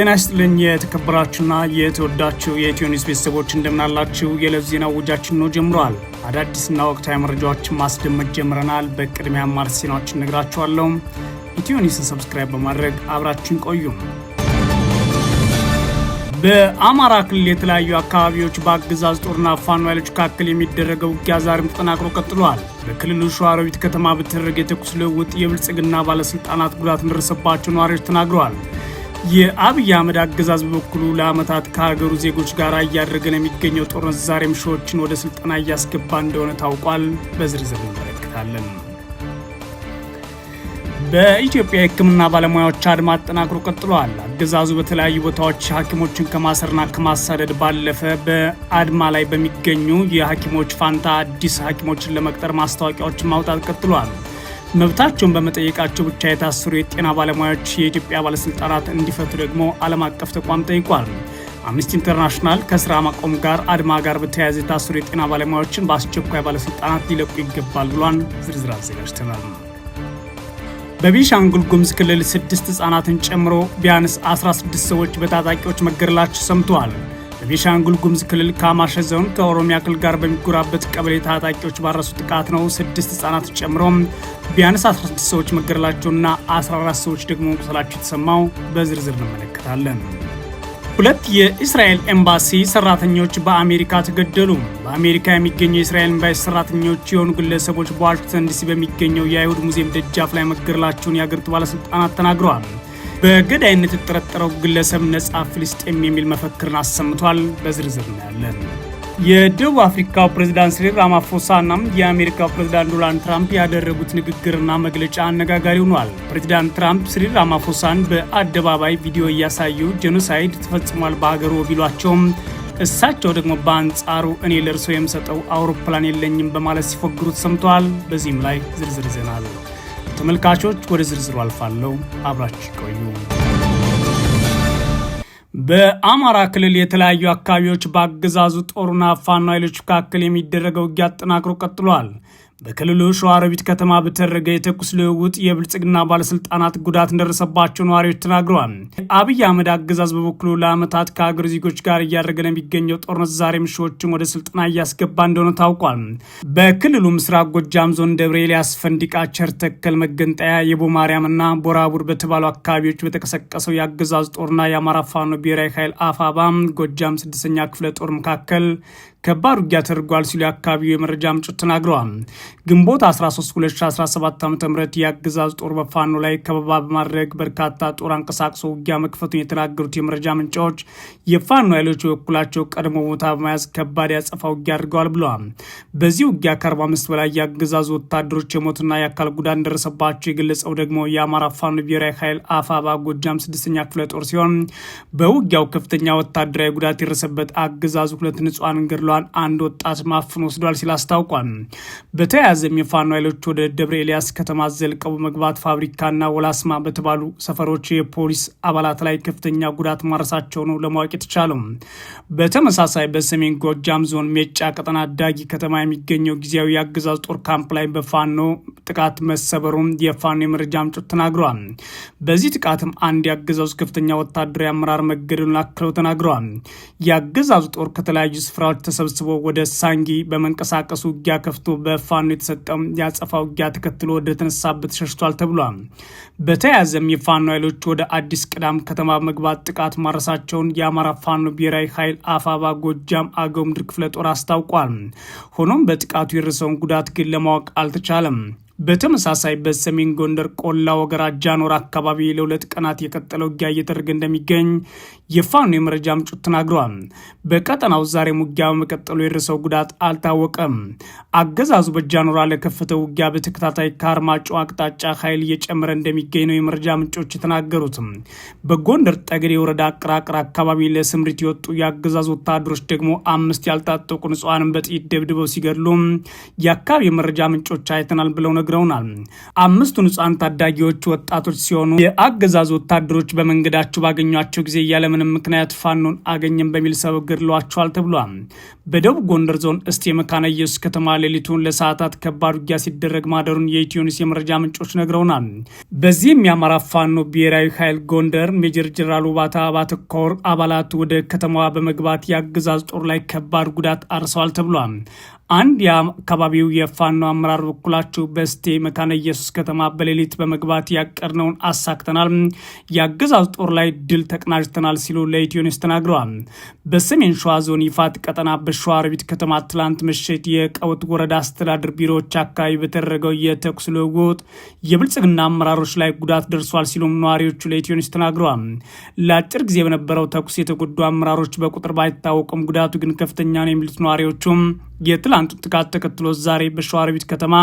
ጤና ይስጥልኝ የተከበራችሁና የተወዳችሁ የኢትዮ ኒውስ ቤተሰቦች እንደምናላችሁ። የዕለቱ ዜና ውጃችን ነው ጀምረዋል። አዳዲስና ወቅታዊ መረጃዎችን ማስደመጥ ጀምረናል። በቅድሚያ አማር ዜናዎችን ነግራችኋለሁ። ኢትዮ ኒውስን ሰብስክራይብ በማድረግ አብራችን ቆዩ። በአማራ ክልል የተለያዩ አካባቢዎች በአገዛዝ ጦርና ፋኖ ኃይሎች መካከል የሚደረገው ውጊያ ዛሬም ተጠናክሮ ቀጥሏል። በክልሉ ሸዋሮቢት ከተማ በተደረገ የተኩስ ልውውጥ የብልጽግና ባለስልጣናት ጉዳት እንደደረሰባቸው ነዋሪዎች ተናግረዋል። የአብይ አህመድ አገዛዝ በበኩሉ ለአመታት ከሀገሩ ዜጎች ጋር እያደረገን የሚገኘው ጦርነት ዛሬም ሺዎችን ወደ ስልጠና እያስገባ እንደሆነ ታውቋል። በዝርዝር እንመለከታለን። በኢትዮጵያ የሕክምና ባለሙያዎች አድማ አጠናክሮ ቀጥሏል። አገዛዙ በተለያዩ ቦታዎች ሐኪሞችን ከማሰርና ከማሳደድ ባለፈ በአድማ ላይ በሚገኙ የሐኪሞች ፋንታ አዲስ ሐኪሞችን ለመቅጠር ማስታወቂያዎችን ማውጣት ቀጥሏል። መብታቸውን በመጠየቃቸው ብቻ የታሰሩ የጤና ባለሙያዎች የኢትዮጵያ ባለስልጣናት እንዲፈቱ ደግሞ ዓለም አቀፍ ተቋም ጠይቋል። አምነስቲ ኢንተርናሽናል ከስራ ማቆም ጋር አድማ ጋር በተያያዘ የታሰሩ የጤና ባለሙያዎችን በአስቸኳይ ባለስልጣናት ሊለቁ ይገባል ብሏን ዝርዝር አዘጋጅተናል። በቤኒሻንጉል ጉሙዝ ክልል ስድስት ህጻናትን ጨምሮ ቢያንስ 16 ሰዎች በታጣቂዎች መገደላቸው ሰምተዋል። በቤኒሻንጉል ጉሙዝ ክልል ካማሸ ዞን ከኦሮሚያ ክልል ጋር በሚጎራበት ቀበሌ ታጣቂዎች ባረሱ ጥቃት ነው ስድስት ህጻናት ጨምሮ ቢያንስ 16 ሰዎች መገደላቸውና 14 ሰዎች ደግሞ መቁሰላቸው የተሰማው በዝርዝር እንመለከታለን። ሁለት የእስራኤል ኤምባሲ ሰራተኞች በአሜሪካ ተገደሉ። በአሜሪካ የሚገኙ የእስራኤል ኤምባሲ ሰራተኞች የሆኑ ግለሰቦች በዋሽንግተን ዲሲ በሚገኘው የአይሁድ ሙዚየም ደጃፍ ላይ መገደላቸውን የአገሪቱ ባለስልጣናት ተናግረዋል። በገዳይነት የተጠረጠረው ግለሰብ ነጻ ፍልስጤም የሚል መፈክርን አሰምቷል። በዝርዝር እናያለን። የደቡብ አፍሪካው ፕሬዝዳንት ሲሪል እናም የአሜሪካው ፕሬዚዳንት ዶናልድ ትራምፕ ያደረጉት ንግግርና መግለጫ አነጋጋሪ ሆኗል። ፕሬዝዳንት ትራምፕ ሲሪል ራማፎሳን በአደባባይ ቪዲዮ እያሳዩ ጄኖሳይድ ተፈጽሟል በሀገሩ ቢሏቸውም እሳቸው ደግሞ በአንጻሩ እኔ ለእርስዎ የምሰጠው አውሮፕላን የለኝም በማለት ሲፎግሩት ሰምተዋል። በዚህም ላይ ዝርዝር ይዘናል። ተመልካቾች ወደ ዝርዝሩ አልፋለሁ። አብራችሁ ቆዩ። በአማራ ክልል የተለያዩ አካባቢዎች በአገዛዙ ጦርና ፋኖ ኃይሎች መካከል የሚደረገው ውጊያ አጠናክሮ ቀጥሏል። በክልሉ ሸዋሮቢት ከተማ በተደረገ የተኩስ ልውውጥ የብልጽግና ባለስልጣናት ጉዳት እንደደረሰባቸው ነዋሪዎች ተናግረዋል። አብይ አህመድ አገዛዝ በበኩሉ ለአመታት ከሀገር ዜጎች ጋር እያደረገ ነው የሚገኘው ጦርነት ዛሬ ሺዎችን ወደ ስልጠና እያስገባ እንደሆነ ታውቋል። በክልሉ ምስራቅ ጎጃም ዞን ደብረ ኤልያስ፣ ፈንዲቃ፣ ቸርተከል፣ መገንጠያ፣ የቦ ማርያም እና ቦራቡር በተባሉ አካባቢዎች በተቀሰቀሰው የአገዛዝ ጦርና የአማራ ፋኖ ብሔራዊ ኃይል አፋባ ጎጃም ስድስተኛ ክፍለ ጦር መካከል ከባድ ውጊያ ተደርጓል ሲሉ የአካባቢው የመረጃ ምንጮች ተናግረዋል። ግንቦት 13 2017 ዓ ም የአገዛዝ ጦር በፋኖ ላይ ከበባ በማድረግ በርካታ ጦር አንቀሳቅሶ ውጊያ መክፈቱን የተናገሩት የመረጃ ምንጫዎች የፋኖ ኃይሎች በበኩላቸው ቀድሞ ቦታ በመያዝ ከባድ ያጸፋ ውጊያ አድርገዋል ብለዋል። በዚህ ውጊያ ከ45 በላይ የአገዛዙ ወታደሮች የሞትና የአካል ጉዳት እንደደረሰባቸው የገለጸው ደግሞ የአማራ ፋኖ ብሔራዊ ኃይል አፋባ ጎጃም ስድስተኛ ክፍለ ጦር ሲሆን በውጊያው ከፍተኛ ወታደራዊ ጉዳት የደረሰበት አገዛዙ ሁለት ንጹሐን ገድሏል ተከትሏል አንድ ወጣት ማፍን ወስዷል ሲል አስታውቋል። በተያያዘም የፋኖ ኃይሎች ወደ ደብረ ኤልያስ ከተማ ዘልቀው መግባት ፋብሪካና ወላስማ በተባሉ ሰፈሮች የፖሊስ አባላት ላይ ከፍተኛ ጉዳት ማድረሳቸው ነው ለማወቅ የተቻለው። በተመሳሳይ በሰሜን ጎጃም ዞን ሜጫ ቀጠና ዳጊ ከተማ የሚገኘው ጊዜያዊ የአገዛዝ ጦር ካምፕ ላይ በፋኖ ጥቃት መሰበሩም የፋኖ የመረጃ ምንጮች ተናግረዋል። በዚህ ጥቃትም አንድ የአገዛዙ ከፍተኛ ወታደራዊ አመራር መገደሉን አክለው ተናግረዋል። የአገዛዙ ጦር ከተለያዩ ስፍራዎች ተሰብስቦ ወደ ሳንጊ በመንቀሳቀሱ ውጊያ ከፍቶ በፋኖ የተሰጠው የአጸፋ ውጊያ ተከትሎ ወደ ተነሳበት ሸሽቷል ተብሏል። በተያያዘም የፋኖ ኃይሎች ወደ አዲስ ቅዳም ከተማ መግባት ጥቃት ማድረሳቸውን የአማራ ፋኖ ብሔራዊ ኃይል አፋባ ጎጃም አገው ምድር ክፍለ ጦር አስታውቋል። ሆኖም በጥቃቱ የደረሰውን ጉዳት ግን ለማወቅ አልተቻለም። በተመሳሳይ በሰሜን ጎንደር ቆላ ወገራ ጃኖር አካባቢ ለሁለት ቀናት የቀጠለው ውጊያ እየተደረገ እንደሚገኝ የፋኖ የመረጃ ምንጮች ተናግረዋል። በቀጠናው ዛሬ ውጊያ በመቀጠሉ የደረሰው ጉዳት አልታወቀም። አገዛዙ በጃኖር ለከፈተው ውጊያ በተከታታይ ከአርማጮ አቅጣጫ ኃይል እየጨመረ እንደሚገኝ ነው የመረጃ ምንጮች የተናገሩት። በጎንደር ጠገዴ የወረዳ አቅራቅር አካባቢ ለስምሪት የወጡ የአገዛዙ ወታደሮች ደግሞ አምስት ያልታጠቁ ንጹሐንን በጥይት ደብድበው ሲገድሉ የአካባቢ የመረጃ ምንጮች አይተናል ብለው ነግረውናል። አምስቱ ህጻን ታዳጊዎች ወጣቶች ሲሆኑ የአገዛዙ ወታደሮች በመንገዳቸው ባገኟቸው ጊዜ ያለምንም ምክንያት ፋኖን አገኘም በሚል ሰበብ ገድለዋቸዋል ተብሏል። በደቡብ ጎንደር ዞን እስቴ መካነ ኢየሱስ ከተማ ሌሊቱን ለሰዓታት ከባድ ውጊያ ሲደረግ ማደሩን የኢትዮኒስ የመረጃ ምንጮች ነግረውናል። በዚህም የአማራ ፋኖ ብሔራዊ ኃይል ጎንደር ሜጀር ጀነራል ውባታ አባተ ኮር አባላት ወደ ከተማዋ በመግባት የአገዛዝ ጦር ላይ ከባድ ጉዳት አርሰዋል ተብሏል። አንድ የአካባቢው የፋኖ አመራር በኩላችሁ በስቴ መካነ ኢየሱስ ከተማ በሌሊት በመግባት ያቀድነውን አሳክተናል፣ የአገዛዙ ጦር ላይ ድል ተቀናጅተናል ሲሉ ለኢትዮ ኒውስ ተናግረዋል። በሰሜን ሸዋ ዞን ይፋት ቀጠና ረቢት ከተማ ትላንት ምሽት የቀውት ወረዳ አስተዳደር ቢሮዎች አካባቢ በተደረገው የተኩስ ልውውጥ የብልጽግና አመራሮች ላይ ጉዳት ደርሷል ሲሉም ነዋሪዎቹ ለኢትዮ ኒውስ ተናግረዋል። ለአጭር ጊዜ በነበረው ተኩስ የተጎዱ አመራሮች በቁጥር ባይታወቁም ጉዳቱ ግን ከፍተኛ ነው የሚሉት ነዋሪዎቹም የትላ የትላንቱን ጥቃት ተከትሎ ዛሬ በሸዋሮቢት ከተማ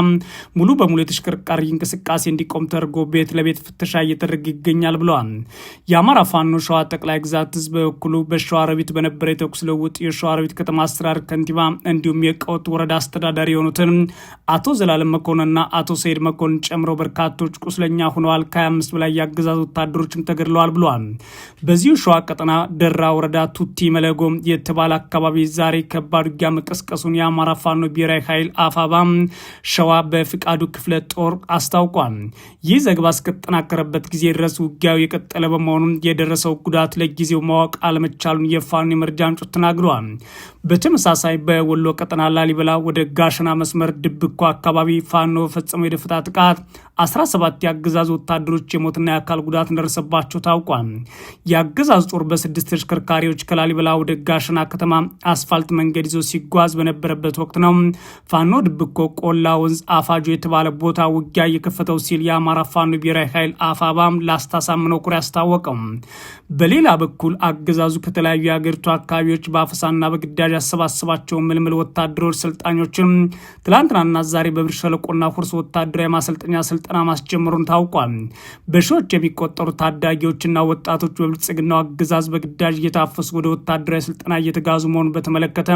ሙሉ በሙሉ የተሽከርካሪ እንቅስቃሴ እንዲቆም ተደርጎ ቤት ለቤት ፍተሻ እየተደረገ ይገኛል ብለዋል። የአማራ ፋኖ ሸዋ ጠቅላይ ግዛት ህዝብ በበኩሉ በሸዋሮቢት በነበረ የተኩስ ልውውጥ የሸዋሮቢት ከተማ አስተዳደር ከንቲባ እንዲሁም የቀወት ወረዳ አስተዳዳሪ የሆኑትን አቶ ዘላለም መኮንንና አቶ ሰይድ መኮንን ጨምሮ በርካቶች ቁስለኛ ሆነዋል። ከ25 በላይ የአገዛዝ ወታደሮችም ተገድለዋል ብለዋል። በዚሁ ሸዋ ቀጠና ደራ ወረዳ ቱቲ መለጎ የተባለ አካባቢ ዛሬ ከባድ ውጊያ መቀስቀሱን የአማራ ፋኖ ብሔራዊ ኃይል አፋባም ሸዋ በፍቃዱ ክፍለ ጦር አስታውቋል። ይህ ዘገባ እስከተጠናከረበት ጊዜ ድረስ ውጊያው የቀጠለ በመሆኑም የደረሰው ጉዳት ለጊዜው ማወቅ አለመቻሉን የፋኖ የመረጃ ምንጮች ተናግረዋል። በተመሳሳይ በወሎ ቀጠና ላሊበላ ወደ ጋሸና መስመር ድብኮ አካባቢ ፋኖ ፈጸመው የደፈጣ ጥቃት 17 የአገዛዝ ወታደሮች የሞትና የአካል ጉዳት እንደደረሰባቸው ታውቋል። የአገዛዝ ጦር በስድስት ተሽከርካሪዎች ከላሊበላ ወደ ጋሸና ከተማ አስፋልት መንገድ ይዞ ሲጓዝ በነበረበት ወቅት ነው ፋኖ ድብኮ ቆላ ወንዝ አፋጆ የተባለ ቦታ ውጊያ የከፈተው ሲል የአማራ ፋኖ ብሔራዊ ኃይል አፋባም ላስታሳምነው ኩር ያስታወቀው። በሌላ በኩል አገዛዙ ከተለያዩ የአገሪቱ አካባቢዎች በአፈሳና በግዳጅ ያሰባሰባቸው ምልምል ወታደሮች ሰልጣኞችን ትላንትናና ዛሬ በብር ሸለቆና ሁርሶ ወታደራዊ ማሰልጠኛ ስልጠ ስልጠና ማስጀመሩን ታውቋል። በሺዎች የሚቆጠሩ ታዳጊዎችና ወጣቶች በብልጽግናው አገዛዝ በግዳጅ እየታፈሱ ወደ ወታደራዊ ስልጠና እየተጋዙ መሆኑን በተመለከተ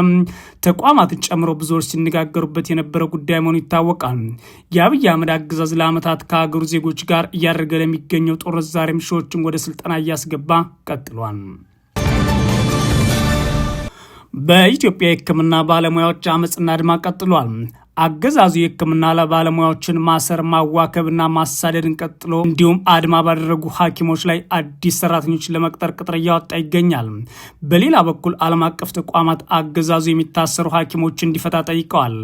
ተቋማትን ጨምሮ ብዙዎች ሲነጋገሩበት የነበረ ጉዳይ መሆኑ ይታወቃል። የአብይ አህመድ አገዛዝ ለአመታት ከሀገሩ ዜጎች ጋር እያደረገ ለሚገኘው ጦርነት ዛሬም ሺዎችን ወደ ስልጠና እያስገባ ቀጥሏል። በኢትዮጵያ የሕክምና ባለሙያዎች አመፅና አድማ ቀጥሏል። አገዛዙ የህክምና ለባለሙያዎችን ማሰር ማዋከብና ማሳደድን ቀጥሎ እንዲሁም አድማ ባደረጉ ሐኪሞች ላይ አዲስ ሰራተኞች ለመቅጠር ቅጥር እያወጣ ይገኛል። በሌላ በኩል ዓለም አቀፍ ተቋማት አገዛዙ የሚታሰሩ ሐኪሞች እንዲፈታ ጠይቀዋል።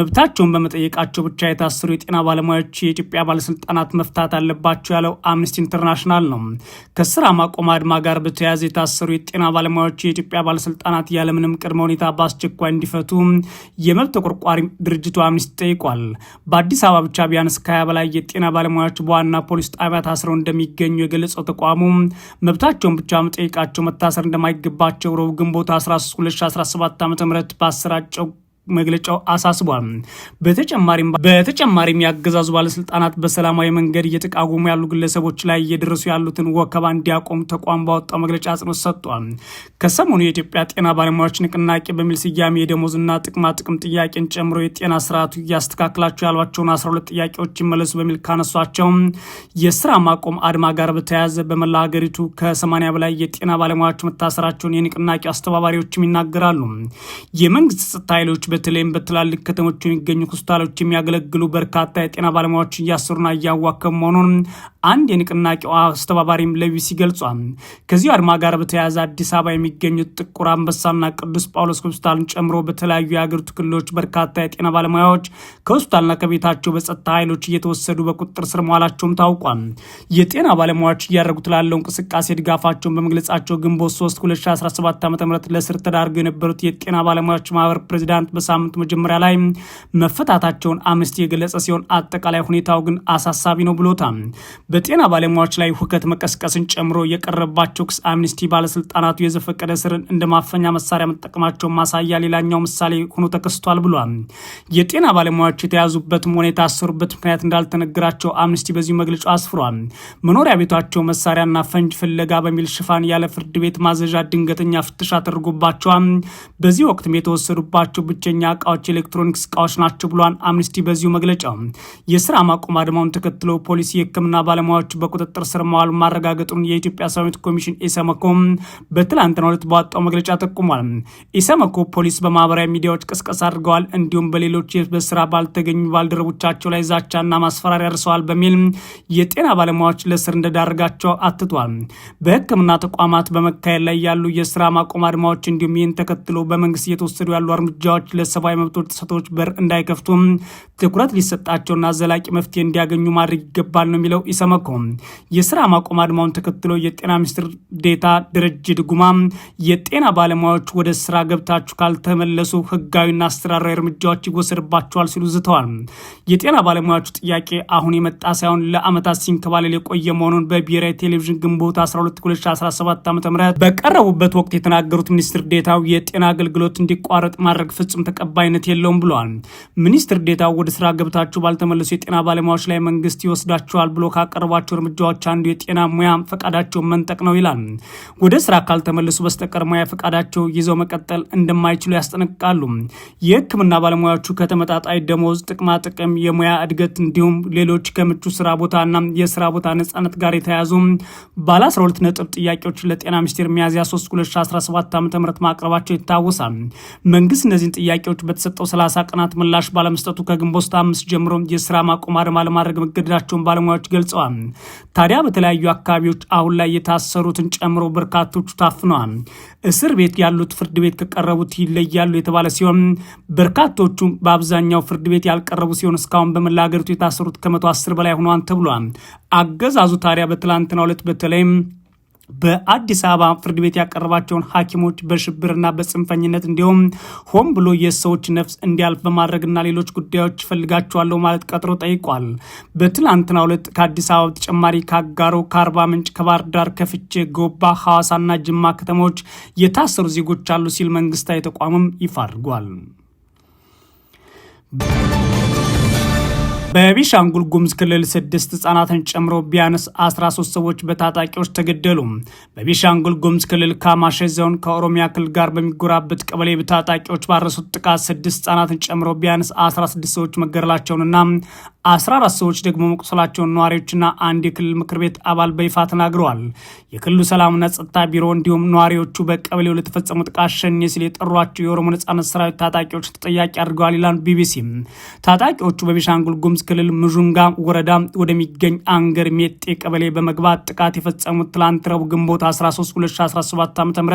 መብታቸውን በመጠየቃቸው ብቻ የታሰሩ የጤና ባለሙያዎች የኢትዮጵያ ባለስልጣናት መፍታት አለባቸው ያለው አምነስቲ ኢንተርናሽናል ነው። ከስራ ማቆም አድማ ጋር በተያያዘ የታሰሩ የጤና ባለሙያዎች የኢትዮጵያ ባለስልጣናት ያለምንም ቅድመ ሁኔታ በአስቸኳይ እንዲፈቱ የመብት ተቆርቋሪ ድርጅቶ አምኒስቲ ጠይቋል። በአዲስ አበባ ብቻ ቢያንስ ከሀያ በላይ የጤና ባለሙያዎች በዋና ፖሊስ ጣቢያ ታስረው እንደሚገኙ የገለጸው ተቋሙ መብታቸውን ብቻ መጠየቃቸው መታሰር እንደማይገባቸው ረቡዕ ግንቦት 13 2017 ዓ ም በአሰራጨው መግለጫው አሳስቧል። በተጨማሪም የአገዛዙ ባለስልጣናት በሰላማዊ መንገድ እየተቃወሙ ያሉ ግለሰቦች ላይ እየደረሱ ያሉትን ወከባ እንዲያቆም ተቋም ባወጣው መግለጫ አጽንኦት ሰጥቷል። ከሰሞኑ የኢትዮጵያ ጤና ባለሙያዎች ንቅናቄ በሚል ስያሜ የደሞዝና ጥቅማ ጥቅም ጥያቄን ጨምሮ የጤና ስርዓቱ እያስተካክላቸው ያሏቸውን 12 ጥያቄዎች ይመለሱ በሚል ካነሷቸው የስራ ማቆም አድማ ጋር በተያያዘ በመላ ሀገሪቱ ከ 8 በላይ የጤና ባለሙያዎች መታሰራቸውን የንቅናቄ አስተባባሪዎችም ይናገራሉ። የመንግስት ጸጥታ ኃይሎች በተለይም በትላልቅ ከተሞች የሚገኙ ሆስፒታሎች የሚያገለግሉ በርካታ የጤና ባለሙያዎች እያሰሩና እያዋከቡ መሆኑን አንድ የንቅናቄው አስተባባሪም ለቢቢሲ ገልጿል። ከዚሁ አድማ ጋር በተያያዘ አዲስ አበባ የሚገኙት ጥቁር አንበሳና ቅዱስ ጳውሎስ ሆስፒታልን ጨምሮ በተለያዩ የአገሪቱ ክልሎች በርካታ የጤና ባለሙያዎች ከሆስፒታልና ከቤታቸው በጸጥታ ኃይሎች እየተወሰዱ በቁጥጥር ስር መዋላቸውም ታውቋል። የጤና ባለሙያዎች እያደረጉት ላለው እንቅስቃሴ ድጋፋቸውን በመግለጻቸው ግንቦት 3 2017 ዓ ም ለእስር ተዳርገው የነበሩት የጤና ባለሙያዎች ማህበር ፕሬዚዳንት በሳምንቱ መጀመሪያ ላይ መፈታታቸውን አምነስቲ የገለጸ ሲሆን አጠቃላይ ሁኔታው ግን አሳሳቢ ነው ብሎታል። በጤና ባለሙያዎች ላይ ሁከት መቀስቀስን ጨምሮ የቀረባቸው ክስ አምኒስቲ ባለስልጣናቱ የዘፈቀደ ስርን እንደ ማፈኛ መሳሪያ መጠቀማቸውን ማሳያ ሌላኛው ምሳሌ ሆኖ ተከስቷል ብሏል። የጤና ባለሙያዎች የተያዙበትም ሆነ የታሰሩበት ምክንያት እንዳልተነገራቸው አምኒስቲ በዚሁ መግለጫው አስፍሯል። መኖሪያ ቤቷቸው መሳሪያና ፈንጅ ፍለጋ በሚል ሽፋን ያለ ፍርድ ቤት ማዘዣ ድንገተኛ ፍተሻ ተደርጎባቸዋል። በዚህ ወቅትም የተወሰዱባቸው ብቸኛ እቃዎች ኤሌክትሮኒክስ እቃዎች ናቸው ብሏል አምኒስቲ በዚሁ መግለጫው የስራ ማቆም አድማውን ተከትሎ ፖሊስ የህክምና ባለ ባለሙያዎች በቁጥጥር ስር መዋሉ ማረጋገጡን የኢትዮጵያ ሰብዓዊ ኮሚሽን ኢሰመኮ በትላንትናው ዕለት ባወጣው መግለጫ ጠቁሟል። ኢሰመኮ ፖሊስ በማህበራዊ ሚዲያዎች ቅስቀሳ አድርገዋል፣ እንዲሁም በሌሎች በስራ ባልተገኙ ባልደረቦቻቸው ላይ ዛቻና ማስፈራሪያ አድርሰዋል በሚል የጤና ባለሙያዎች ለስር እንደዳረጋቸው አትቷል። በህክምና ተቋማት በመካሄድ ላይ ያሉ የስራ ማቆም አድማዎች እንዲሁም ይህን ተከትሎ በመንግስት እየተወሰዱ ያሉ እርምጃዎች ለሰብዓዊ መብቶች ጥሰቶች በር እንዳይከፍቱም ትኩረት ሊሰጣቸውና ዘላቂ መፍትሄ እንዲያገኙ ማድረግ ይገባል ነው የሚለው ኢሰመኮ። የስራ ማቆም አድማውን ተከትሎ የጤና ሚኒስትር ዴታ ደረጀ ድጉማ የጤና ባለሙያዎች ወደ ስራ ገብታችሁ ካልተመለሱ ህጋዊና አስተዳደራዊ እርምጃዎች ይወሰድባቸዋል ሲሉ ዝተዋል። የጤና ባለሙያዎቹ ጥያቄ አሁን የመጣ ሳይሆን ለአመታት ሲንከባለል የቆየ መሆኑን በብሔራዊ ቴሌቪዥን ግንቦት 12 2017 ዓ ም በቀረቡበት ወቅት የተናገሩት ሚኒስትር ዴታው የጤና አገልግሎት እንዲቋረጥ ማድረግ ፍጹም ተቀባይነት የለውም ብለዋል። ሚኒስትር ዴታው ወደ ስራ ገብታችሁ ባልተመለሱ የጤና ባለሙያዎች ላይ መንግስት ይወስዳቸዋል ብሎ ካቀረባቸው እርምጃዎች አንዱ የጤና ሙያ ፈቃዳቸውን መንጠቅ ነው ይላል። ወደ ስራ ካልተመለሱ በስተቀር ሙያ ፈቃዳቸው ይዘው መቀጠል እንደማይችሉ ያስጠነቅቃሉ። የህክምና ባለሙያዎቹ ከተመጣጣይ ደሞዝ፣ ጥቅማ ጥቅም፣ የሙያ እድገት እንዲሁም ሌሎች ከምቹ ስራ ቦታና የስራ ቦታ ነጻነት ጋር የተያዙ ባለ 12 ነጥብ ጥያቄዎች ለጤና ሚኒስቴር ሚያዝያ 3 2017 ዓ ም ማቅረባቸው ይታወሳል። መንግስት እነዚህን ጥያቄዎች በተሰጠው 30 ቀናት ምላሽ ባለመስጠቱ ከግንቦ ከግንቦት አምስት ጀምሮ የስራ ማቆም አድማ ለማድረግ መገደዳቸውን ባለሙያዎች ገልጸዋል። ታዲያ በተለያዩ አካባቢዎች አሁን ላይ የታሰሩትን ጨምሮ በርካቶቹ ታፍነዋል። እስር ቤት ያሉት ፍርድ ቤት ከቀረቡት ይለያሉ የተባለ ሲሆን በርካቶቹ በአብዛኛው ፍርድ ቤት ያልቀረቡ ሲሆን እስካሁን በመላ ሀገሪቱ የታሰሩት ከመቶ አስር በላይ ሆኗል ተብሏል። አገዛዙ ታዲያ በትላንትናው ዕለት በተለይም በአዲስ አበባ ፍርድ ቤት ያቀረባቸውን ሐኪሞች በሽብርና በጽንፈኝነት እንዲሁም ሆን ብሎ የሰዎች ነፍስ እንዲያልፍ በማድረግና ሌሎች ጉዳዮች ፈልጋቸዋለሁ ማለት ቀጥሮ ጠይቋል። በትላንትና ሁለት ከአዲስ አበባ በተጨማሪ ከአጋሮ፣ ከአርባ ምንጭ፣ ከባህር ዳር፣ ከፍቼ፣ ጎባ፣ ሐዋሳና ጅማ ከተሞች የታሰሩ ዜጎች አሉ ሲል መንግስታዊ ተቋምም ይፋ አድርጓል። በቢሻንጉል ጉሙዝ ክልል ስድስት ህጻናትን ጨምሮ ቢያንስ 13 ሰዎች በታጣቂዎች ተገደሉ። በቢሻንጉል ጉሙዝ ክልል ካማሼ ዞን ከኦሮሚያ ክልል ጋር በሚጎራበት ቀበሌ በታጣቂዎች ባረሱት ጥቃት ስድስት ህጻናትን ጨምሮ ቢያንስ 16 ሰዎች መገደላቸውንና አራት ሰዎች ደግሞ መቁሰላቸውን ነዋሪዎችና አንድ የክልል ምክር ቤት አባል በይፋ ተናግረዋል። የክልሉ ሰላምና ጸጥታ ቢሮ እንዲሁም ነዋሪዎቹ በቀበሌው ለተፈጸሙ ጥቃት ሸኔ ሲል የጠሯቸው የኦሮሞ ነጻነት ሰራዊት ታጣቂዎች ተጠያቂ አድርገዋል ይላል ቢቢሲ። ታጣቂዎቹ በቤሻንጉል ጉምዝ ክልል ምዥንጋ ወረዳ ወደሚገኝ አንገር ሜጤ ቀበሌ በመግባት ጥቃት የፈጸሙት ትላንት ረቡዕ ግንቦት 13 2017 ዓ ም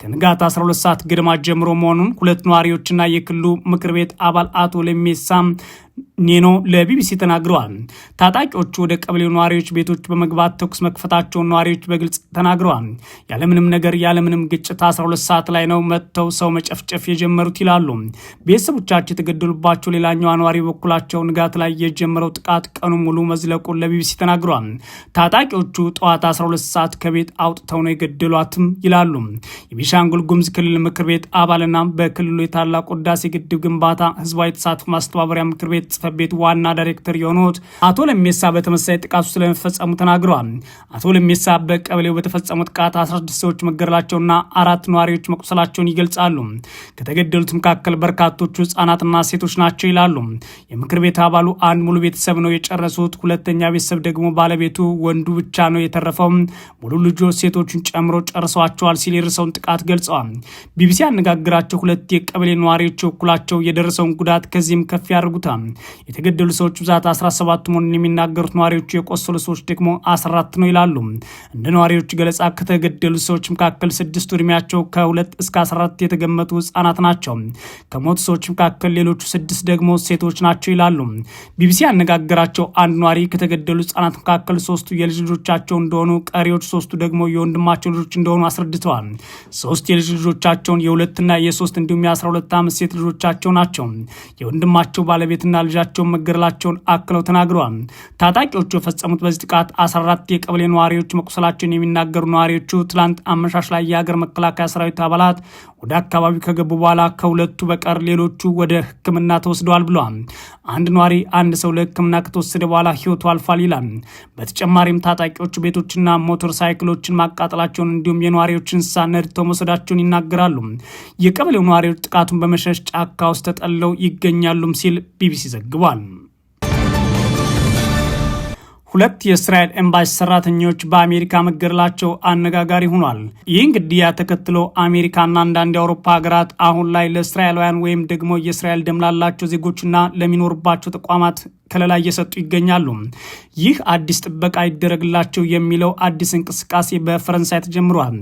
ከንጋት 12 ሰዓት ገደማ ጀምሮ መሆኑን ሁለት ነዋሪዎችና የክልሉ ምክር ቤት አባል አቶ ለሜሳም ኔኖ ለቢቢሲ ተናግረዋል። ታጣቂዎቹ ወደ ቀበሌው ነዋሪዎች ቤቶች በመግባት ተኩስ መክፈታቸውን ነዋሪዎች በግልጽ ተናግረዋል። ያለምንም ነገር ያለምንም ግጭት 12 ሰዓት ላይ ነው መጥተው ሰው መጨፍጨፍ የጀመሩት ይላሉ። ቤተሰቦቻቸው የተገደሉባቸው ሌላኛዋ ነዋሪ በኩላቸው ንጋት ላይ የጀመረው ጥቃት ቀኑ ሙሉ መዝለቁን ለቢቢሲ ተናግረዋል። ታጣቂዎቹ ጠዋት 12 ሰዓት ከቤት አውጥተው ነው የገደሏትም ይላሉ። የቤኒሻንጉል ጉምዝ ክልል ምክር ቤት አባልና በክልሉ የታላቁ ህዳሴ ግድብ ግንባታ ህዝባዊ ተሳትፎ ማስተባበሪያ ምክር ቤት ቤት ጽህፈት ቤት ዋና ዳይሬክተር የሆኑት አቶ ለሜሳ በተመሳሳይ ጥቃቱ ስለመፈጸሙ ተናግረዋል። አቶ ለሜሳ በቀበሌው በተፈጸሙ ጥቃት 16 ሰዎች መገደላቸውና አራት ነዋሪዎች መቁሰላቸውን ይገልጻሉ። ከተገደሉት መካከል በርካቶቹ ህጻናትና ሴቶች ናቸው ይላሉ። የምክር ቤት አባሉ አንድ ሙሉ ቤተሰብ ነው የጨረሱት። ሁለተኛ ቤተሰብ ደግሞ ባለቤቱ ወንዱ ብቻ ነው የተረፈው። ሙሉ ልጆች ሴቶቹን ጨምሮ ጨርሰዋቸዋል ሲል የደረሰውን ጥቃት ገልጸዋል። ቢቢሲ ያነጋግራቸው ሁለት የቀበሌ ነዋሪዎች በኩላቸው የደረሰውን ጉዳት ከዚህም ከፍ ያደርጉታል። የተገደሉ ሰዎች ብዛት 17 መሆኑን የሚናገሩት ነዋሪዎቹ፣ የቆሰሉ ሰዎች ደግሞ 14 ነው ይላሉ። እንደ ነዋሪዎቹ ገለጻ ከተገደሉ ሰዎች መካከል ስድስቱ እድሜያቸው ከሁለት እስከ 14 የተገመቱ ህጻናት ናቸው። ከሞቱ ሰዎች መካከል ሌሎቹ ስድስት ደግሞ ሴቶች ናቸው ይላሉ። ቢቢሲ ያነጋገራቸው አንድ ነዋሪ ከተገደሉ ህጻናት መካከል ሶስቱ የልጅ ልጆቻቸው እንደሆኑ ቀሪዎች ሶስቱ ደግሞ የወንድማቸው ልጆች እንደሆኑ አስረድተዋል። ሶስት የልጅ ልጆቻቸውን የሁለትና የሶስት እንዲሁም የ12 ዓመት ሴት ልጆቻቸው ናቸው። የወንድማቸው ባለቤትና ልጃቸውን መገደላቸውን አክለው ተናግረዋል። ታጣቂዎቹ የፈጸሙት በዚህ ጥቃት 14 የቀበሌ ነዋሪዎች መቁሰላቸውን የሚናገሩ ነዋሪዎቹ ትላንት አመሻሽ ላይ የሀገር መከላከያ ሰራዊት አባላት ወደ አካባቢው ከገቡ በኋላ ከሁለቱ በቀር ሌሎቹ ወደ ሕክምና ተወስደዋል ብለዋል። አንድ ነዋሪ አንድ ሰው ለሕክምና ከተወሰደ በኋላ ህይወቱ አልፏል ይላል። በተጨማሪም ታጣቂዎቹ ቤቶችና ሞተር ሳይክሎችን ማቃጠላቸውን እንዲሁም የነዋሪዎች እንስሳ ነድተው መውሰዳቸውን ይናገራሉ። የቀበሌው ነዋሪዎች ጥቃቱን በመሸሽ ጫካ ውስጥ ተጠለው ይገኛሉም ሲል ቢቢሲ ዘግቧል። ሁለት የእስራኤል ኤምባሲ ሰራተኞች በአሜሪካ መገደላቸው አነጋጋሪ ሆኗል። ይህን ግድያ ተከትሎ አሜሪካና አንዳንድ የአውሮፓ ሀገራት አሁን ላይ ለእስራኤላውያን ወይም ደግሞ የእስራኤል ደም ላላቸው ዜጎችና ለሚኖርባቸው ተቋማት ከለላ እየሰጡ ይገኛሉ። ይህ አዲስ ጥበቃ ይደረግላቸው የሚለው አዲስ እንቅስቃሴ በፈረንሳይ ተጀምሯል።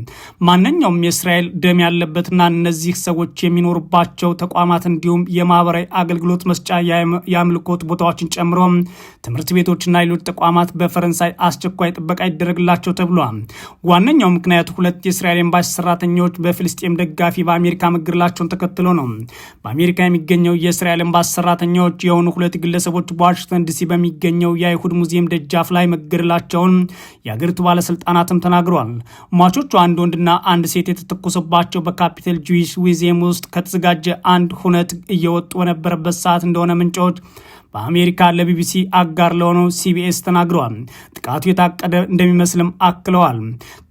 ማንኛውም የእስራኤል ደም ያለበትና እነዚህ ሰዎች የሚኖሩባቸው ተቋማት እንዲሁም የማህበራዊ አገልግሎት መስጫ የአምልኮት ቦታዎችን ጨምሮ ትምህርት ቤቶችና ሌሎች ተቋማት በፈረንሳይ አስቸኳይ ጥበቃ ይደረግላቸው ተብሏል። ዋነኛው ምክንያት ሁለት የእስራኤል ኤምባሲ ሰራተኞች በፊልስጤም ደጋፊ በአሜሪካ መገደላቸውን ተከትሎ ነው። በአሜሪካ የሚገኘው የእስራኤል ኤምባሲ ሰራተኞች የሆኑ ሁለት ግለሰቦች በዋሽ ዋሽንግተን ዲሲ በሚገኘው የአይሁድ ሙዚየም ደጃፍ ላይ መገደላቸውን የአገሪቱ ባለስልጣናትም ተናግረዋል። ሟቾቹ አንድ ወንድና አንድ ሴት የተተኮሰባቸው በካፒታል ጁዊሽ ሙዚየም ውስጥ ከተዘጋጀ አንድ ሁነት እየወጡ በነበረበት ሰዓት እንደሆነ ምንጮች በአሜሪካ ለቢቢሲ አጋር ለሆነው ሲቢኤስ ተናግረዋል። ጥቃቱ የታቀደ እንደሚመስልም አክለዋል።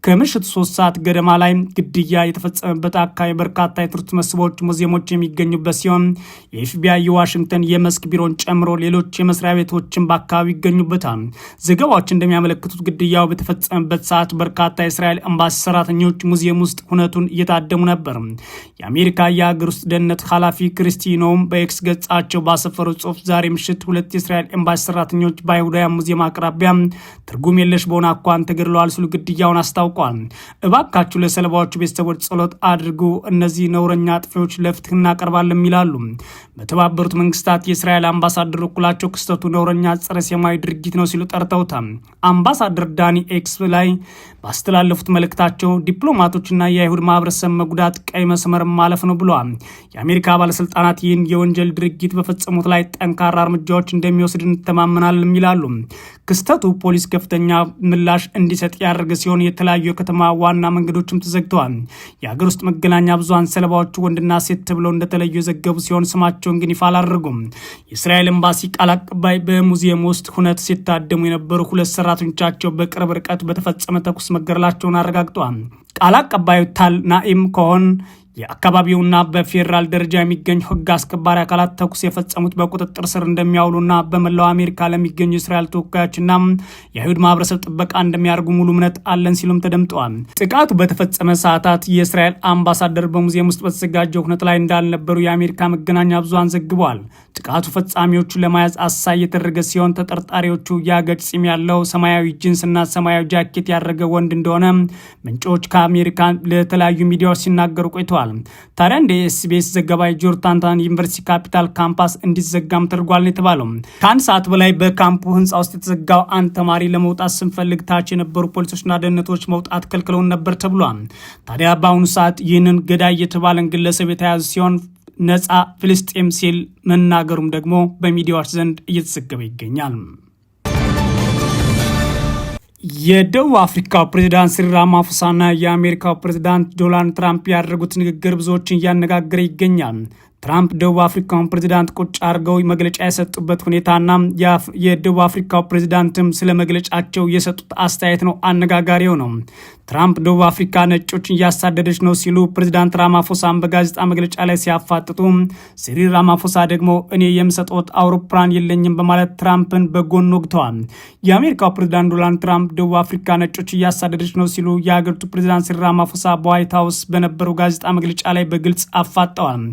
ከምሽት ሶስት ሰዓት ገደማ ላይ ግድያ የተፈጸመበት አካባቢ በርካታ የቱሪስት መስህቦች፣ ሙዚየሞች የሚገኙበት ሲሆን የኤፍቢአይ የዋሽንግተን የመስክ ቢሮን ጨምሮ ሌሎች የመስሪያ ቤቶችን በአካባቢ ይገኙበታል። ዘገባዎች እንደሚያመለክቱት ግድያው በተፈጸመበት ሰዓት በርካታ የእስራኤል ኤምባሲ ሰራተኞች ሙዚየም ውስጥ ሁነቱን እየታደሙ ነበር። የአሜሪካ የሀገር ውስጥ ደህንነት ኃላፊ ክሪስቲኖም በኤክስ ገጻቸው ባሰፈሩ ጽሁፍ ዛሬ ምሽት ሁለት የእስራኤል ኤምባሲ ሰራተኞች በአይሁዳውያን ሙዚየም አቅራቢያ ትርጉም የለሽ በሆነ አኳን ተገድለዋል ሲሉ ግድያውን አስታውቀ አስታውቋል። እባካችሁ ለሰለባዎቹ ቤተሰቦች ጸሎት አድርጉ፣ እነዚህ ነውረኛ አጥፊዎች ለፍትህ እናቀርባለን ይላሉ። በተባበሩት መንግስታት የእስራኤል አምባሳደር በኩላቸው ክስተቱ ነውረኛ ጸረ ሴማዊ ድርጊት ነው ሲሉ ጠርተውታል። አምባሳደር ዳኒ ኤክስ ላይ ባስተላለፉት መልእክታቸው ዲፕሎማቶችና የአይሁድ ማህበረሰብ መጉዳት ቀይ መስመር ማለፍ ነው ብለዋል። የአሜሪካ ባለስልጣናት ይህን የወንጀል ድርጊት በፈጸሙት ላይ ጠንካራ እርምጃዎች እንደሚወስድ እንተማመናል ይላሉ። ክስተቱ ፖሊስ ከፍተኛ ምላሽ እንዲሰጥ ያደረገ ሲሆን የተለያዩ የተለያዩ የከተማ ዋና መንገዶችም ተዘግተዋል። የሀገር ውስጥ መገናኛ ብዙሀን ሰለባዎቹ ወንድና ሴት ተብለው እንደተለዩ የዘገቡ ሲሆን ስማቸውን ግን ይፋ አላደርጉም። የእስራኤል ኤምባሲ ቃል አቀባይ በሙዚየም ውስጥ ሁነት ሲታደሙ የነበሩ ሁለት ሰራተኞቻቸው በቅርብ ርቀት በተፈጸመ ተኩስ መገደላቸውን አረጋግጠዋል። ቃል አቀባዩ ታል ናኢም ከሆን የአካባቢውና በፌዴራል ደረጃ የሚገኙ ህግ አስከባሪ አካላት ተኩስ የፈጸሙት በቁጥጥር ስር እንደሚያውሉና በመላው አሜሪካ ለሚገኙ የእስራኤል ተወካዮችና የአይሁድ ማህበረሰብ ጥበቃ እንደሚያደርጉ ሙሉ እምነት አለን ሲሉም ተደምጠዋል። ጥቃቱ በተፈጸመ ሰዓታት የእስራኤል አምባሳደር በሙዚየም ውስጥ በተዘጋጀው ሁነት ላይ እንዳልነበሩ የአሜሪካ መገናኛ ብዙሃን ዘግቧል። ጥቃቱ ፈጻሚዎቹን ለመያዝ አሳይ የተደረገ ሲሆን ተጠርጣሪዎቹ የአገጭ ፂም ያለው ሰማያዊ ጂንስና ሰማያዊ ጃኬት ያደረገ ወንድ እንደሆነ ምንጮች ከአሜሪካ ለተለያዩ ሚዲያዎች ሲናገሩ ቆይተዋል። ታዲያ እንደ ኤስቢኤስ ዘገባ የጆርታንታን ዩኒቨርሲቲ ካፒታል ካምፓስ እንዲዘጋም ተደርጓል የተባለው ከአንድ ሰዓት በላይ በካምፑ ህንፃ ውስጥ የተዘጋው አንድ ተማሪ ለመውጣት ስንፈልግ ታች የነበሩ ፖሊሶችና ደህንነቶች መውጣት ከልክለውን ነበር ተብሏል። ታዲያ በአሁኑ ሰዓት ይህንን ገዳይ የተባለን ግለሰብ የተያዙ ሲሆን ነጻ ፍልስጤም ሲል መናገሩም ደግሞ በሚዲያዎች ዘንድ እየተዘገበ ይገኛል። የደቡብ አፍሪካ ፕሬዚዳንት ሲሪል ራማፎሳና የአሜሪካው ፕሬዚዳንት ዶናልድ ትራምፕ ያደረጉት ንግግር ብዙዎችን እያነጋገረ ይገኛል። ትራምፕ ደቡብ አፍሪካውን ፕሬዚዳንት ቁጭ አድርገው መግለጫ የሰጡበት ሁኔታና የደቡብ አፍሪካው ፕሬዚዳንትም ስለ መግለጫቸው የሰጡት አስተያየት ነው አነጋጋሪው ነው። ትራምፕ ደቡብ አፍሪካ ነጮችን እያሳደደች ነው ሲሉ ፕሬዚዳንት ራማፎሳን በጋዜጣ መግለጫ ላይ ሲያፋጥጡ፣ ሲሪል ራማፎሳ ደግሞ እኔ የምሰጠት አውሮፕላን የለኝም በማለት ትራምፕን በጎን ወግተዋል። የአሜሪካው ፕሬዚዳንት ዶናልድ ትራምፕ ደቡብ አፍሪካ ነጮች እያሳደደች ነው ሲሉ የሀገሪቱ ፕሬዚዳንት ሲሪል ራማፎሳ በዋይት ሀውስ በነበረው ጋዜጣ መግለጫ ላይ በግልጽ አፋጠዋል።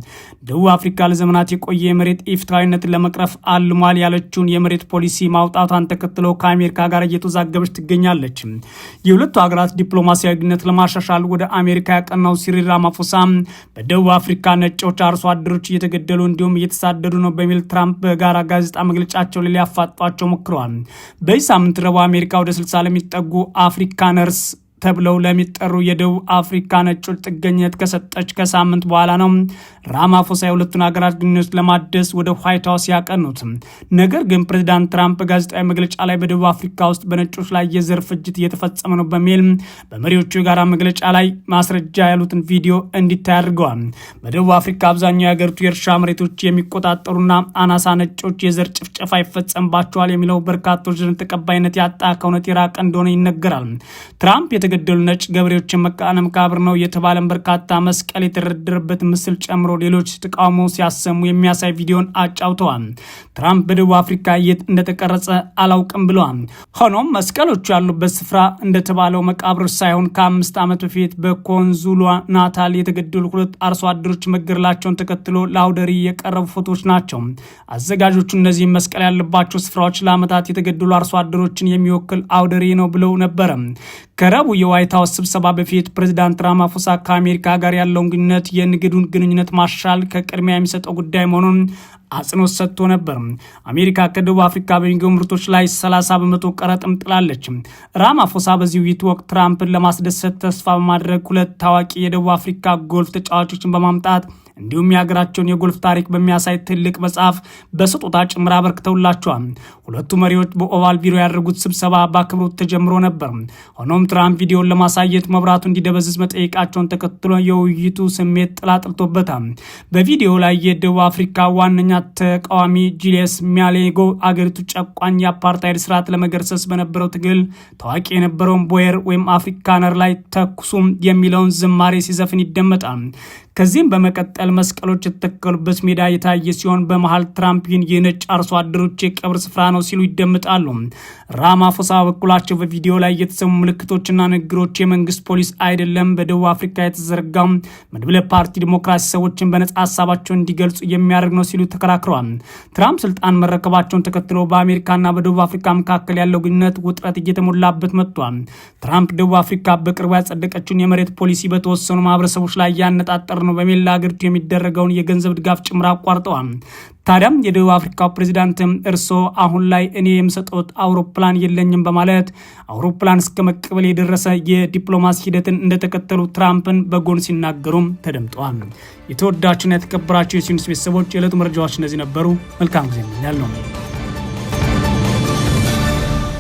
ደቡብ አፍሪካ ለዘመናት የቆየ የመሬት ኢፍትሐዊነትን ለመቅረፍ አልሟል ያለችውን የመሬት ፖሊሲ ማውጣቷን ተከትሎ ከአሜሪካ ጋር እየተዛገበች ትገኛለች። የሁለቱ ሀገራት ዲፕሎማሲያዊ ግንኙነት ለማሻሻል ወደ አሜሪካ ያቀናው ሲሪል ራማፎሳ በደቡብ አፍሪካ ነጮች አርሶ አደሮች እየተገደሉ እንዲሁም እየተሳደዱ ነው በሚል ትራምፕ በጋራ ጋዜጣ መግለጫቸው ላይ ሊያፋጧቸው ሞክረዋል። በዚህ ሳምንት ረቡዕ አሜሪካ ወደ 60 ለሚጠጉ አፍሪካነርስ ተብለው ለሚጠሩ የደቡብ አፍሪካ ነጮች ጥገኝነት ከሰጠች ከሳምንት በኋላ ነው ራማፎሳ የሁለቱን ሀገራት ግንኙነት ለማደስ ወደ ዋይት ሀውስ ያቀኑት። ነገር ግን ፕሬዚዳንት ትራምፕ በጋዜጣዊ መግለጫ ላይ በደቡብ አፍሪካ ውስጥ በነጮች ላይ የዘር ፍጅት እየተፈጸመ ነው በሚል በመሪዎቹ የጋራ መግለጫ ላይ ማስረጃ ያሉትን ቪዲዮ እንዲታይ አድርገዋል። በደቡብ አፍሪካ አብዛኛው የሀገሪቱ የእርሻ መሬቶች የሚቆጣጠሩና አናሳ ነጮች የዘር ጭፍጨፋ ይፈጸምባቸዋል የሚለው በርካቶች ዘንድ ተቀባይነት ያጣ ከእውነት የራቀ እንደሆነ ይነገራል። ትራምፕ የተገደሉ ነጭ ገበሬዎችን መቃነ መቃብር ነው የተባለን በርካታ መስቀል የተደረደረበት ምስል ጨምሮ ሌሎች ተቃውሞ ሲያሰሙ የሚያሳይ ቪዲዮን አጫውተዋል። ትራምፕ በደቡብ አፍሪካ የት እንደተቀረጸ አላውቅም ብለዋል። ሆኖም መስቀሎቹ ያሉበት ስፍራ እንደተባለው መቃብሮች ሳይሆን ከአምስት ዓመት በፊት በኮንዙሏ ናታል የተገደሉ ሁለት አርሶ አደሮች መገደላቸውን ተከትሎ ለአውደሪ የቀረቡ ፎቶዎች ናቸው። አዘጋጆቹ እነዚህ መስቀል ያለባቸው ስፍራዎች ለዓመታት የተገደሉ አርሶ አደሮችን የሚወክል አውደሪ ነው ብለው ነበረ። ከረቡ የዋይት ሀውስ ስብሰባ በፊት ፕሬዚዳንት ራማፎሳ ከአሜሪካ ጋር ያለውን ግንኙነት የንግዱን ግንኙነት ማሻል ከቅድሚያ የሚሰጠው ጉዳይ መሆኑን አጽንኦት ሰጥቶ ነበር። አሜሪካ ከደቡብ አፍሪካ በሚገቡ ምርቶች ላይ 30 በመቶ ቀረጥም ጥላለች። ራማፎሳ በዚህ ውይይት ወቅት ትራምፕን ለማስደሰት ተስፋ በማድረግ ሁለት ታዋቂ የደቡብ አፍሪካ ጎልፍ ተጫዋቾችን በማምጣት እንዲሁም የሀገራቸውን የጎልፍ ታሪክ በሚያሳይ ትልቅ መጽሐፍ በስጦታ ጭምር አበርክተውላቸዋል። ሁለቱ መሪዎች በኦቫል ቢሮ ያደረጉት ስብሰባ በአክብሮት ተጀምሮ ነበር። ሆኖም ትራምፕ ቪዲዮን ለማሳየት መብራቱ እንዲደበዝዝ መጠየቃቸውን ተከትሎ የውይይቱ ስሜት ጥላጥልቶበታል። በቪዲዮ ላይ የደቡብ አፍሪካ ዋነኛ ተቃዋሚ ጂልስ ሚያሌጎ አገሪቱ ጨቋኝ የአፓርታይድ ስርዓት ለመገርሰስ በነበረው ትግል ታዋቂ የነበረውን ቦየር ወይም አፍሪካነር ላይ ተኩሱም የሚለውን ዝማሬ ሲዘፍን ይደመጣል። ከዚህም በመቀጠል መስቀሎች የተተከሉበት ሜዳ የታየ ሲሆን በመሀል ትራምፒን የነጭ አርሶ አደሮች የቀብር ስፍራ ነው ሲሉ ይደመጣሉ። ራማፎሳ በኩላቸው በቪዲዮ ላይ የተሰሙ ምልክቶችና ንግግሮች የመንግስት ፖሊስ አይደለም፣ በደቡብ አፍሪካ የተዘረጋው መድብለ ፓርቲ ዲሞክራሲ ሰዎችን በነጻ ሀሳባቸው እንዲገልጹ የሚያደርግ ነው ሲሉ ተከራክረዋል። ትራምፕ ስልጣን መረከባቸውን ተከትሎ በአሜሪካና በደቡብ አፍሪካ መካከል ያለው ግንኙነት ውጥረት እየተሞላበት መጥቷል። ትራምፕ ደቡብ አፍሪካ በቅርቡ ያጸደቀችውን የመሬት ፖሊሲ በተወሰኑ ማህበረሰቦች ላይ ያነጣጠር ነው ነው በሚል ለአገሪቱ የሚደረገውን የገንዘብ ድጋፍ ጭምር አቋርጠዋል። ታዲያም የደቡብ አፍሪካው ፕሬዚዳንት እርሶ አሁን ላይ እኔ የምሰጠት አውሮፕላን የለኝም በማለት አውሮፕላን እስከ መቀበል የደረሰ የዲፕሎማሲ ሂደትን እንደተከተሉ ትራምፕን በጎን ሲናገሩም ተደምጠዋል። የተወዳችሁና የተከበራችሁ የሲኒስ ቤተሰቦች የዕለቱ መረጃዎች እነዚህ ነበሩ። መልካም ጊዜ ያለው